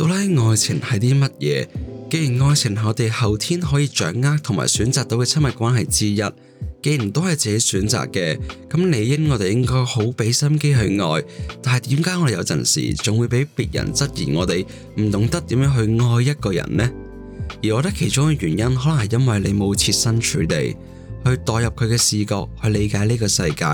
到底愛情係啲乜嘢？既然愛情係我哋後天可以掌握同埋選擇到嘅親密關係之一，既然都係自己選擇嘅，咁理應我哋應該好俾心機去愛。但係點解我哋有陣時仲會俾別人質疑我哋唔懂得點樣去愛一個人呢？而我覺得其中嘅原因可能係因為你冇設身處地去代入佢嘅視角去理解呢個世界，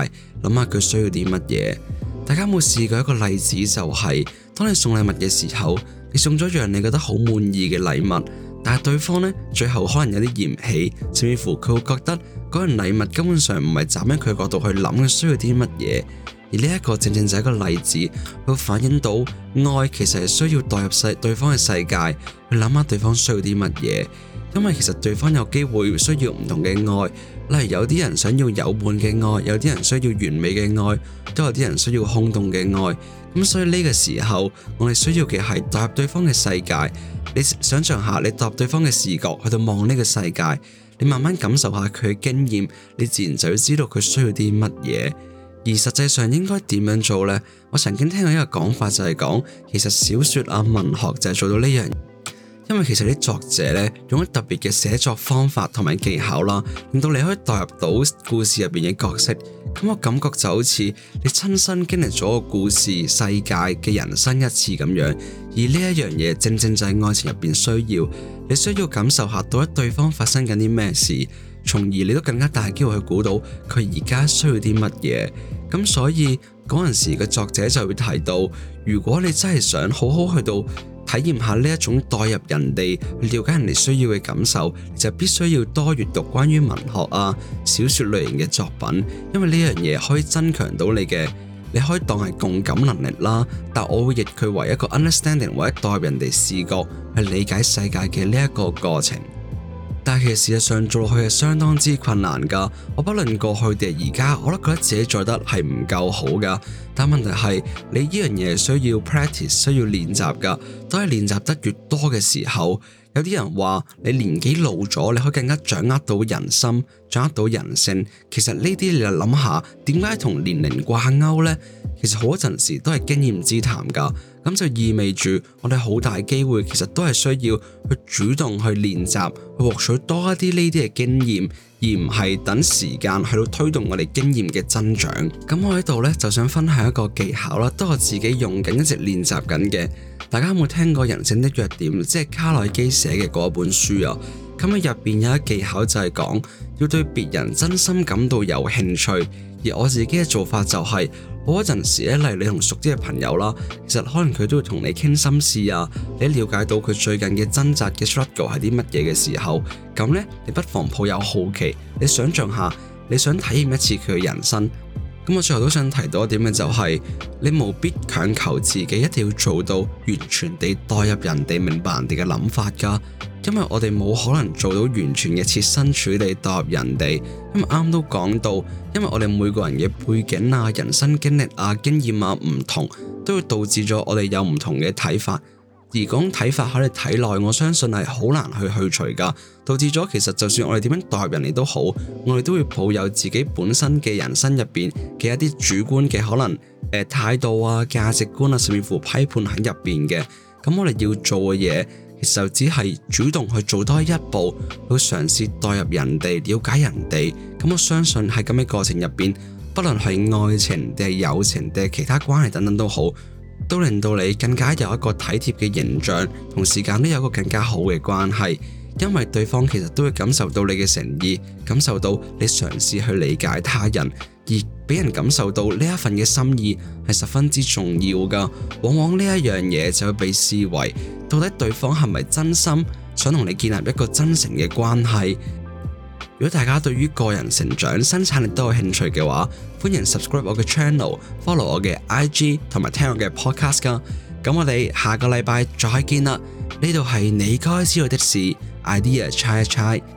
諗下佢需要啲乜嘢。大家有冇試過一個例子就係、是、當你送禮物嘅時候。送咗樣你覺得好滿意嘅禮物，但係對方呢，最後可能有啲嫌棄，甚至乎佢會覺得嗰樣禮物根本上唔係站喺佢角度去諗佢需要啲乜嘢。而呢一個正正就係一個例子，佢會反映到愛其實係需要代入世對方嘅世界去諗下對方需要啲乜嘢。因為其實對方有機會需要唔同嘅愛，例如有啲人想要有伴嘅愛，有啲人需要完美嘅愛，都有啲人需要空洞嘅愛。咁所以呢個時候，我哋需要嘅係踏入對方嘅世界。你想象下，你踏入對方嘅視角，去到望呢個世界，你慢慢感受下佢嘅經驗，你自然就會知道佢需要啲乜嘢。而實際上應該點樣做呢？我曾經聽過一個講法就，就係講其實小說啊文學就係做到呢樣。因為其實啲作者咧用咗特別嘅寫作方法同埋技巧啦，令到你可以代入到故事入邊嘅角色，咁我感覺就好似你親身經歷咗個故事世界嘅人生一次咁樣。而呢一樣嘢正正就喺愛情入邊需要，你需要感受下到一對方發生緊啲咩事，從而你都更加大機會去估到佢而家需要啲乜嘢。咁所以嗰陣時嘅作者就會提到，如果你真係想好好去到。體驗下呢一種代入人哋了解人哋需要嘅感受，就必須要多閱讀關於文學啊、小說類型嘅作品，因為呢樣嘢可以增強到你嘅，你可以當係共感能力啦。但我會譯佢為一個 understanding，或者代入人哋視角去理解世界嘅呢一個過程。但其實事實上做落去係相當之困難噶，我不論過去定係而家，我都覺得自己做得係唔夠好噶。但問題係你依樣嘢需要 practice，需要練習噶。當你練習得越多嘅時候，有啲人話你年紀老咗，你可以更加掌握到人心。掌握到人性，其實呢啲你就諗下，點解同年齡掛鈎呢？其實好多陣時都係經驗之談噶，咁就意味住我哋好大機會，其實都係需要去主動去練習，去獲取多一啲呢啲嘅經驗，而唔係等時間喺度推動我哋經驗嘅增長。咁我喺度呢就想分享一個技巧啦，都係自己用緊，一直練習緊嘅。大家有冇聽過《人性的弱點》？即係卡內基寫嘅嗰本書啊？咁佢入邊有一技巧就係講，要對別人真心感到有興趣，而我自己嘅做法就係、是、我嗰陣時咧，例如你同熟啲嘅朋友啦，其實可能佢都會同你傾心事啊，你了解到佢最近嘅掙扎嘅 struggle 係啲乜嘢嘅時候，咁呢，你不妨抱有好奇，你想象下你想體驗一次佢嘅人生。咁我最後都想提到一點嘅就係、是，你冇必強求自己一定要做到完全地代入人哋，明白人哋嘅諗法噶。因為我哋冇可能做到完全嘅切身處理，代入人哋。因為啱都講到，因為我哋每個人嘅背景啊、人生經歷啊、經驗啊唔同，都會導致咗我哋有唔同嘅睇法。而嗰種睇法喺你體內，我相信係好難去去除噶。導致咗，其實就算我哋點樣代入人哋都好，我哋都會抱有自己本身嘅人生入邊嘅一啲主觀嘅可能、誒、呃、態度啊、價值觀啊，甚至乎批判喺入邊嘅。咁我哋要做嘅嘢。其實只係主動去做多一步，去嘗試代入人哋，了解人哋。咁我相信喺咁嘅過程入邊，不論係愛情定係友情定係其他關係等等都好，都令到你更加有一個體貼嘅形象，同時間都有一個更加好嘅關係，因為對方其實都會感受到你嘅誠意，感受到你嘗試去理解他人而。俾人感受到呢一份嘅心意係十分之重要噶往往呢一樣嘢就會被視為到底對方係咪真心想同你建立一個真誠嘅關係。如果大家對於個人成長、生產力都有興趣嘅話，歡迎 subscribe 我嘅 channel，follow 我嘅 IG 同埋聽我嘅 podcast 噶咁我哋下個禮拜再見啦！呢度係你該知道的事，ideas try1try